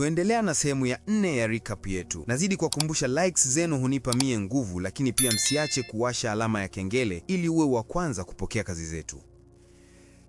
Tuendelea na sehemu ya nne ya recap yetu. Nazidi kuwakumbusha, likes zenu hunipa mie nguvu, lakini pia msiache kuwasha alama ya kengele ili uwe wa kwanza kupokea kazi zetu.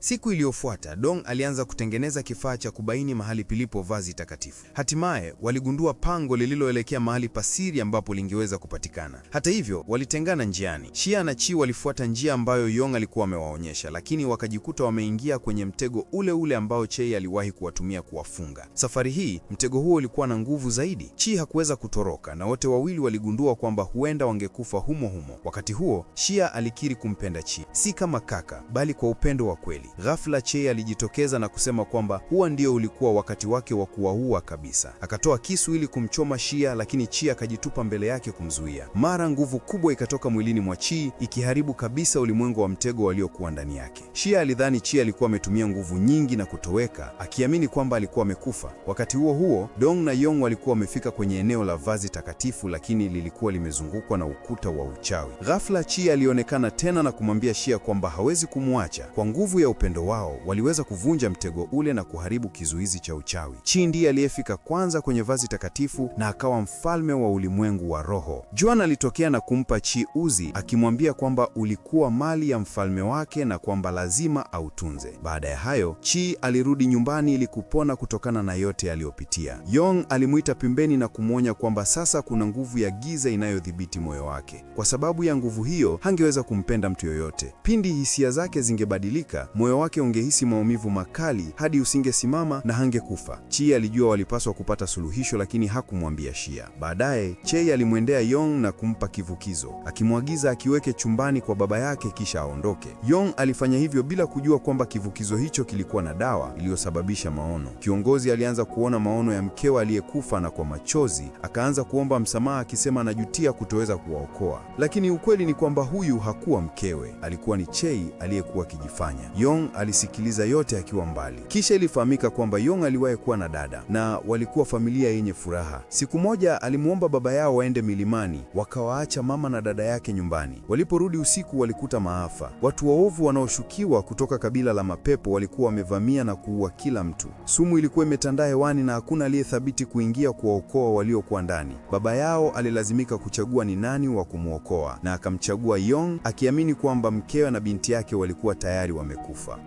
Siku iliyofuata Dong alianza kutengeneza kifaa cha kubaini mahali pilipo vazi takatifu. Hatimaye waligundua pango lililoelekea mahali pa siri ambapo lingeweza kupatikana. Hata hivyo, walitengana njiani. Shia na Chi walifuata njia ambayo Yong alikuwa amewaonyesha, lakini wakajikuta wameingia kwenye mtego ule ule ambao Chei aliwahi kuwatumia kuwafunga. Safari hii mtego huo ulikuwa na nguvu zaidi. Chi hakuweza kutoroka na wote wawili waligundua kwamba huenda wangekufa humo humo. Wakati huo Shia alikiri kumpenda Chi, si kama kaka, bali kwa upendo wa kweli. Ghafla Che alijitokeza na kusema kwamba huwa ndio ulikuwa wakati wake wa kuwaua kabisa. Akatoa kisu ili kumchoma Shia, lakini Chi akajitupa mbele yake kumzuia. Mara nguvu kubwa ikatoka mwilini mwa Chi ikiharibu kabisa ulimwengu wa mtego waliokuwa ndani yake. Shia alidhani Chi alikuwa ametumia nguvu nyingi na kutoweka, akiamini kwamba alikuwa amekufa. Wakati huo huo, Dong na Yong walikuwa wamefika kwenye eneo la vazi takatifu, lakini lilikuwa limezungukwa na ukuta wa uchawi. Ghafla Chi alionekana tena na kumwambia Shia kwamba hawezi kumwacha kwa nguvu ya upendo wao waliweza kuvunja mtego ule na kuharibu kizuizi cha uchawi. Chi ndiye aliyefika kwanza kwenye vazi takatifu na akawa mfalme wa ulimwengu wa roho. Juan alitokea na kumpa Chi uzi akimwambia kwamba ulikuwa mali ya mfalme wake na kwamba lazima autunze. Baada ya hayo, Chi alirudi nyumbani ili kupona kutokana na yote aliyopitia. Yong alimwita pembeni na kumwonya kwamba sasa kuna nguvu ya giza inayodhibiti moyo wake. Kwa sababu ya nguvu hiyo, hangeweza kumpenda mtu yoyote. Pindi hisia zake zingebadilika, moyo moyo wake ungehisi maumivu makali hadi usingesimama na hangekufa. Chie alijua walipaswa kupata suluhisho, lakini hakumwambia Shia. Baadaye Chei alimwendea Yong na kumpa kivukizo, akimwagiza akiweke chumbani kwa baba yake kisha aondoke. Yong alifanya hivyo bila kujua kwamba kivukizo hicho kilikuwa na dawa iliyosababisha maono. Kiongozi alianza kuona maono ya mkewe aliyekufa na kwa machozi akaanza kuomba msamaha akisema anajutia kutoweza kuwaokoa, lakini ukweli ni kwamba huyu hakuwa mkewe, alikuwa ni Chei aliyekuwa akijifanya Yong Yong alisikiliza yote akiwa mbali. Kisha ilifahamika kwamba Yong aliwahi kuwa na dada na walikuwa familia yenye furaha. Siku moja alimwomba baba yao waende milimani, wakawaacha mama na dada yake nyumbani. Waliporudi usiku, walikuta maafa. Watu waovu wanaoshukiwa kutoka kabila la mapepo walikuwa wamevamia na kuua kila mtu. Sumu ilikuwa imetandaa hewani na hakuna aliyethabiti kuingia kuwaokoa waliokuwa ndani. Baba yao alilazimika kuchagua ni nani wa kumwokoa na akamchagua Yong, akiamini kwamba mkewe na binti yake walikuwa tayari wamekufa. Ufa.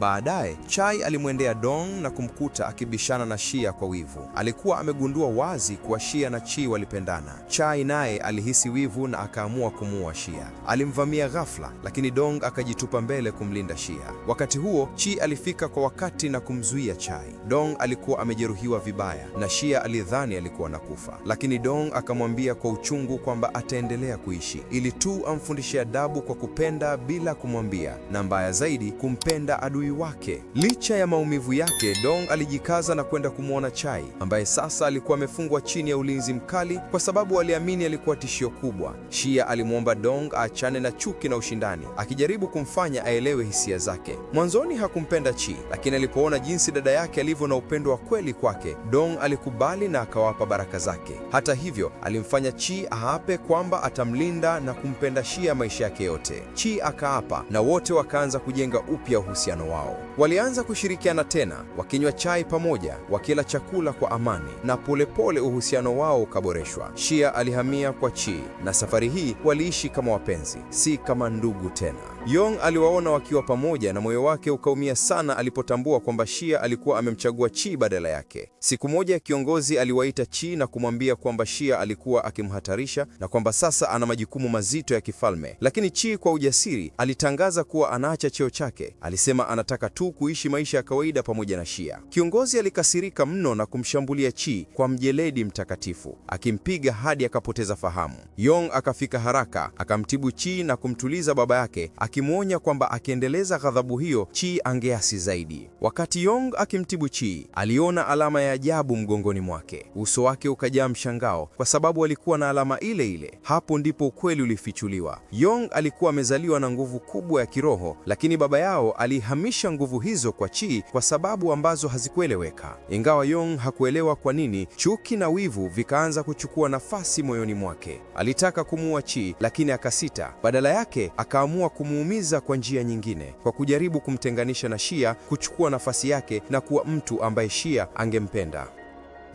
Baadaye Chai alimwendea Dong na kumkuta akibishana na Shia kwa wivu. Alikuwa amegundua wazi kuwa Shia na Chi walipendana. Chai naye alihisi wivu na akaamua kumuua Shia. Alimvamia ghafla, lakini Dong akajitupa mbele kumlinda Shia. Wakati huo Chi alifika kwa wakati na kumzuia Chai. Dong alikuwa amejeruhiwa vibaya na Shia alidhani alikuwa nakufa, lakini Dong akamwambia kwa uchungu kwamba ataendelea kuishi ili tu amfundishe adabu kwa kupenda bila kumwambia, na mbaya zaidi kumpenda adui uchawi wake. Licha ya maumivu yake, Dong alijikaza na kwenda kumwona Chai ambaye sasa alikuwa amefungwa chini ya ulinzi mkali kwa sababu aliamini alikuwa tishio kubwa. Shia alimwomba Dong aachane na chuki na ushindani, akijaribu kumfanya aelewe hisia zake. Mwanzoni hakumpenda Chi, lakini alipoona jinsi dada yake alivyo na upendo wa kweli kwake, Dong alikubali na akawapa baraka zake. Hata hivyo, alimfanya Chi aape kwamba atamlinda na kumpenda Shia maisha yake yote. Chi akaapa na wote wakaanza kujenga upya uhusiano wao wao. Walianza kushirikiana tena, wakinywa chai pamoja, wakila chakula kwa amani, na polepole uhusiano wao ukaboreshwa. Shia alihamia kwa Chi, na safari hii waliishi kama wapenzi, si kama ndugu tena. Yong aliwaona wakiwa pamoja, na moyo wake ukaumia sana alipotambua kwamba Shia alikuwa amemchagua Chi badala yake. Siku moja kiongozi aliwaita Chi na kumwambia kwamba Shia alikuwa akimhatarisha na kwamba sasa ana majukumu mazito ya kifalme, lakini Chi kwa ujasiri alitangaza kuwa anaacha cheo chake. Alisema ana anataka tu kuishi maisha ya kawaida pamoja na Shia. Kiongozi alikasirika mno na kumshambulia Chi kwa mjeledi mtakatifu, akimpiga hadi akapoteza fahamu. Yong akafika haraka, akamtibu Chi na kumtuliza baba yake, akimwonya kwamba akiendeleza ghadhabu hiyo, Chi angeasi zaidi. Wakati Yong akimtibu Chi, aliona alama ya ajabu mgongoni mwake. Uso wake ukajaa mshangao kwa sababu alikuwa na alama ile ile. Hapo ndipo ukweli ulifichuliwa. Yong alikuwa amezaliwa na nguvu kubwa ya kiroho, lakini baba yao alihamisha kuhamisha nguvu hizo kwa Chi kwa sababu ambazo hazikueleweka. Ingawa Yong hakuelewa kwa nini, chuki na wivu vikaanza kuchukua nafasi moyoni mwake. Alitaka kumuua Chi lakini akasita. Badala yake akaamua kumuumiza kwa njia nyingine, kwa kujaribu kumtenganisha na Shia, kuchukua nafasi yake na kuwa mtu ambaye Shia angempenda.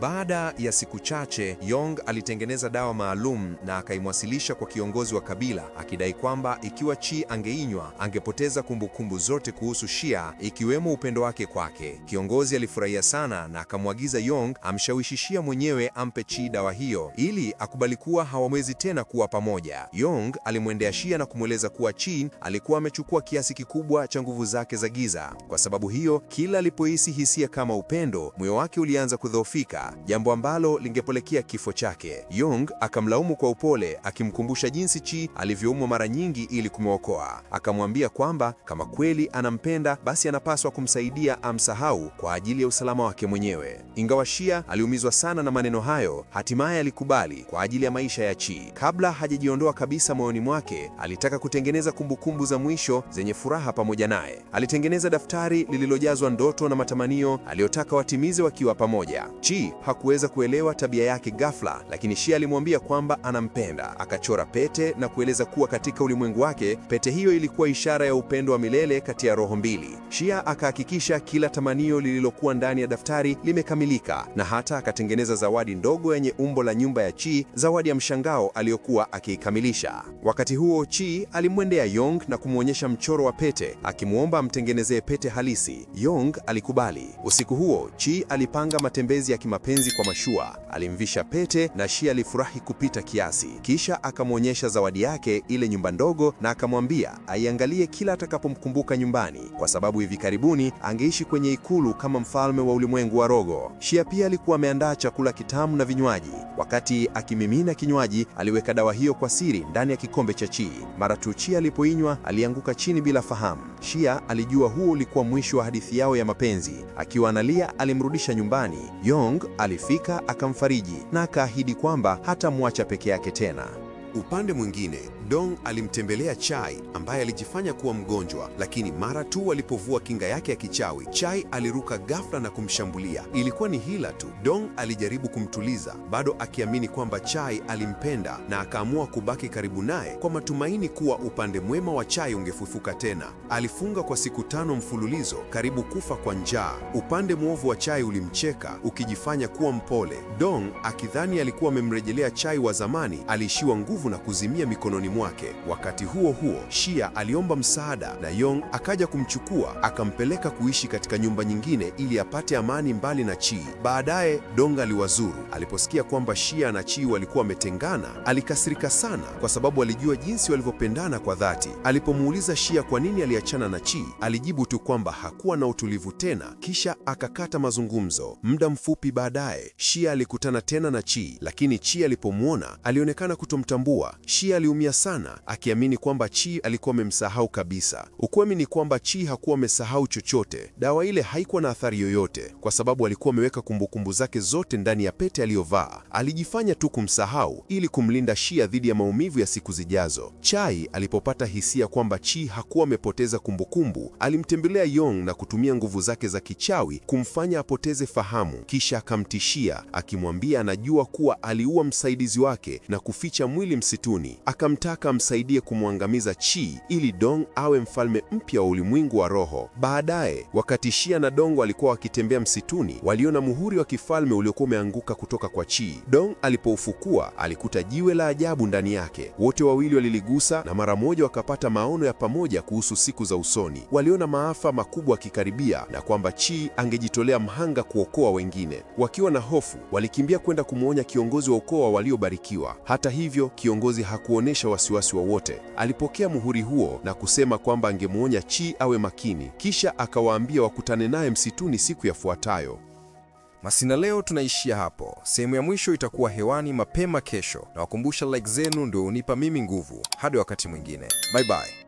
Baada ya siku chache, Yong alitengeneza dawa maalum na akaimwasilisha kwa kiongozi wa kabila, akidai kwamba ikiwa Chi angeinywa angepoteza kumbukumbu zote kuhusu Shia, ikiwemo upendo wake kwake. Kiongozi alifurahia sana na akamwagiza Yong amshawishi Shia mwenyewe ampe Chi dawa hiyo ili akubali kuwa hawawezi tena kuwa pamoja. Yong alimwendea Shia na kumweleza kuwa Chi alikuwa amechukua kiasi kikubwa cha nguvu zake za giza. Kwa sababu hiyo, kila alipohisi hisia kama upendo, moyo wake ulianza kudhoofika jambo ambalo lingepelekea kifo chake. yong akamlaumu kwa upole, akimkumbusha jinsi Chi alivyoumwa mara nyingi ili kumwokoa. Akamwambia kwamba kama kweli anampenda, basi anapaswa kumsaidia amsahau kwa ajili ya usalama wake mwenyewe. Ingawa Shia aliumizwa sana na maneno hayo, hatimaye alikubali kwa ajili ya maisha ya Chi. Kabla hajajiondoa kabisa moyoni mwake, alitaka kutengeneza kumbukumbu za mwisho zenye furaha pamoja naye. Alitengeneza daftari lililojazwa ndoto na matamanio aliyotaka watimize wakiwa pamoja. Chi hakuweza kuelewa tabia yake ghafla, lakini Shia alimwambia kwamba anampenda. Akachora pete na kueleza kuwa katika ulimwengu wake pete hiyo ilikuwa ishara ya upendo wa milele kati ya roho mbili. Shia akahakikisha kila tamanio lililokuwa ndani ya daftari limekamilika na hata akatengeneza zawadi ndogo yenye umbo la nyumba ya Chi, zawadi ya mshangao aliyokuwa akiikamilisha. Wakati huo Chi alimwendea Yong na kumwonyesha mchoro wa pete akimwomba amtengenezee pete halisi. Yong alikubali. Usiku huo Chi alipanga matembezi ya kimapenzi mapenzi kwa mashua. Alimvisha pete na Shia alifurahi kupita kiasi, kisha akamwonyesha zawadi yake, ile nyumba ndogo, na akamwambia aiangalie kila atakapomkumbuka nyumbani, kwa sababu hivi karibuni angeishi kwenye ikulu kama mfalme wa ulimwengu wa Rogo. Shia pia alikuwa ameandaa chakula kitamu na vinywaji. Wakati akimimina kinywaji, aliweka dawa hiyo kwa siri ndani ya kikombe cha Chi. Mara tu Chi alipoinywa, alianguka chini bila fahamu. Shia alijua huo ulikuwa mwisho wa hadithi yao ya mapenzi. Akiwa analia, alimrudisha nyumbani. Yong Alifika akamfariji na akaahidi kwamba hatamwacha peke yake tena. Upande mwingine Dong alimtembelea Chai ambaye alijifanya kuwa mgonjwa, lakini mara tu walipovua kinga yake ya kichawi, Chai aliruka ghafla na kumshambulia. Ilikuwa ni hila tu. Dong alijaribu kumtuliza, bado akiamini kwamba Chai alimpenda na akaamua kubaki karibu naye kwa matumaini kuwa upande mwema wa Chai ungefufuka tena. Alifunga kwa siku tano mfululizo, karibu kufa kwa njaa. Upande mwovu wa Chai ulimcheka ukijifanya kuwa mpole. Dong akidhani alikuwa amemrejelea Chai wa zamani, aliishiwa nguvu na kuzimia mikononi mwake. Wakati huo huo, Shia aliomba msaada na Yong akaja kumchukua akampeleka kuishi katika nyumba nyingine ili apate amani mbali na Chi. Baadaye Dong aliwazuru. Aliposikia kwamba Shia na Chi walikuwa wametengana, alikasirika sana kwa sababu alijua jinsi walivyopendana kwa dhati. Alipomuuliza Shia kwa nini aliachana na Chi, alijibu tu kwamba hakuwa na utulivu tena, kisha akakata mazungumzo. Muda mfupi baadaye, Shia alikutana tena na Chi, lakini Chi alipomwona alionekana kutomtambua. Shia aliumia sana sana, akiamini kwamba Chi alikuwa amemsahau kabisa. Ukweli ni kwamba Chi hakuwa amesahau chochote. Dawa ile haikuwa na athari yoyote, kwa sababu alikuwa ameweka kumbukumbu zake zote ndani ya pete aliyovaa. Alijifanya tu kumsahau ili kumlinda Shia dhidi ya maumivu ya siku zijazo. Chai alipopata hisia kwamba Chi hakuwa amepoteza kumbukumbu, alimtembelea Yong na kutumia nguvu zake za kichawi kumfanya apoteze fahamu, kisha akamtishia akimwambia anajua kuwa aliua msaidizi wake na kuficha mwili msituni. Akamtaka alitaka amsaidie kumwangamiza Chi ili Dong awe mfalme mpya wa ulimwengu wa roho. Baadaye, wakati Shia na Dong walikuwa wakitembea msituni, waliona muhuri wa kifalme uliokuwa umeanguka kutoka kwa Chi. Dong alipoufukua alikuta jiwe la ajabu ndani yake. Wote wawili waliligusa na mara moja wakapata maono ya pamoja kuhusu siku za usoni. Waliona maafa makubwa akikaribia na kwamba Chi angejitolea mhanga kuokoa wengine. Wakiwa na hofu, walikimbia kwenda kumwonya kiongozi wa ukoo waliobarikiwa. Hata hivyo, kiongozi hakuonesha wasi wasiwasi wowote. Alipokea muhuri huo na kusema kwamba angemwonya Chi awe makini, kisha akawaambia wakutane naye msituni siku yafuatayo. Masina leo tunaishia hapo. Sehemu ya mwisho itakuwa hewani mapema kesho, na wakumbusha like zenu ndio unipa mimi nguvu. Hadi wakati mwingine, bye bye.